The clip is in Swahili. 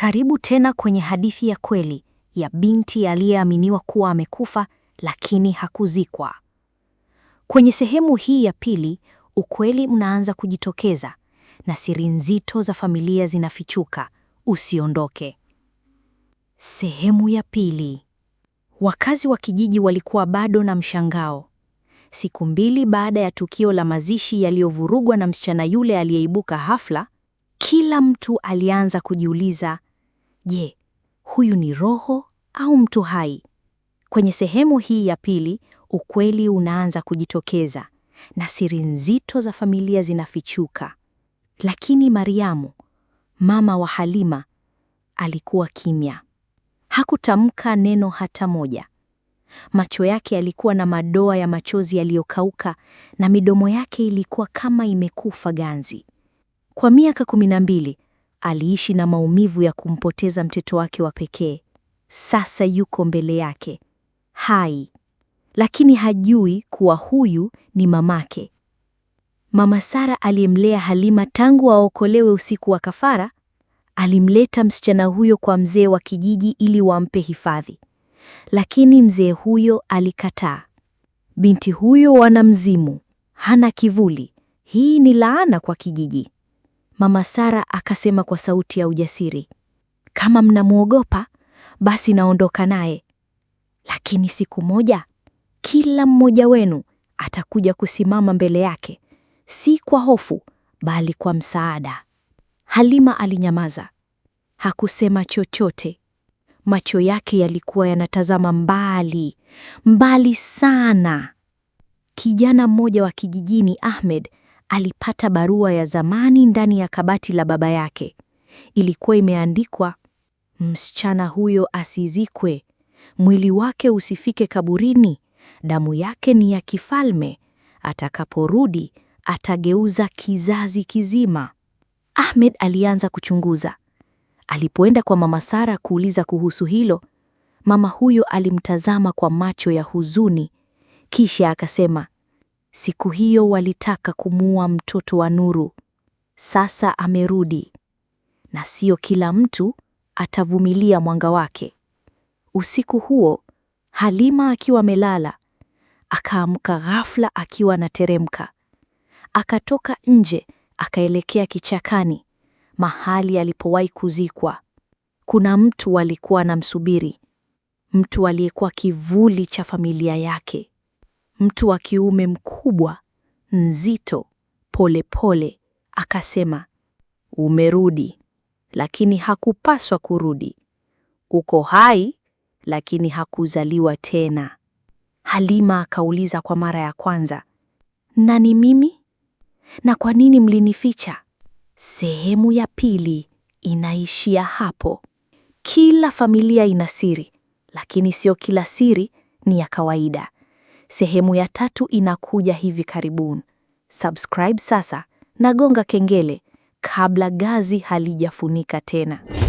Karibu tena kwenye hadithi ya kweli ya binti aliyeaminiwa kuwa amekufa lakini hakuzikwa. Kwenye sehemu hii ya pili, ukweli unaanza kujitokeza na siri nzito za familia zinafichuka. Usiondoke. Sehemu ya pili. Wakazi wa kijiji walikuwa bado na mshangao. Siku mbili baada ya tukio la mazishi yaliyovurugwa na msichana yule aliyeibuka hafla, kila mtu alianza kujiuliza Je, huyu ni roho au mtu hai? Kwenye sehemu hii ya pili, ukweli unaanza kujitokeza na siri nzito za familia zinafichuka. Lakini Mariamu, mama wa Halima, alikuwa kimya. Hakutamka neno hata moja. Macho yake yalikuwa na madoa ya machozi yaliyokauka na midomo yake ilikuwa kama imekufa ganzi. Kwa miaka kumi na mbili aliishi na maumivu ya kumpoteza mtoto wake wa pekee. Sasa yuko mbele yake hai, lakini hajui kuwa huyu ni mamake. Mama Sara aliyemlea Halima tangu aokolewe usiku wa kafara, alimleta msichana huyo kwa mzee wa kijiji ili wampe hifadhi, lakini mzee huyo alikataa. Binti huyo wana mzimu, hana kivuli. Hii ni laana kwa kijiji. Mama Sara akasema kwa sauti ya ujasiri, kama mnamwogopa basi naondoka naye, lakini siku moja kila mmoja wenu atakuja kusimama mbele yake, si kwa hofu, bali kwa msaada. Halima alinyamaza, hakusema chochote. Macho yake yalikuwa yanatazama mbali mbali sana. Kijana mmoja wa kijijini Ahmed alipata barua ya zamani ndani ya kabati la baba yake. Ilikuwa imeandikwa, msichana huyo asizikwe, mwili wake usifike kaburini, damu yake ni ya kifalme, atakaporudi atageuza kizazi kizima. Ahmed alianza kuchunguza. Alipoenda kwa mama Sara kuuliza kuhusu hilo, mama huyo alimtazama kwa macho ya huzuni, kisha akasema Siku hiyo walitaka kumuua mtoto wa Nuru. Sasa amerudi, na sio kila mtu atavumilia mwanga wake. Usiku huo Halima akiwa amelala, akaamka ghafla akiwa anateremka. Akatoka nje akaelekea kichakani, mahali alipowahi kuzikwa. Kuna mtu alikuwa anamsubiri, mtu aliyekuwa kivuli cha familia yake mtu wa kiume mkubwa, nzito, pole pole, akasema, umerudi, lakini hakupaswa kurudi. Uko hai, lakini hakuzaliwa tena. Halima akauliza kwa mara ya kwanza, na ni mimi? Na kwa nini mlinificha? Sehemu ya pili inaishia hapo. Kila familia ina siri, lakini sio kila siri ni ya kawaida. Sehemu ya tatu inakuja hivi karibuni. Subscribe sasa na gonga kengele kabla gazi halijafunika tena.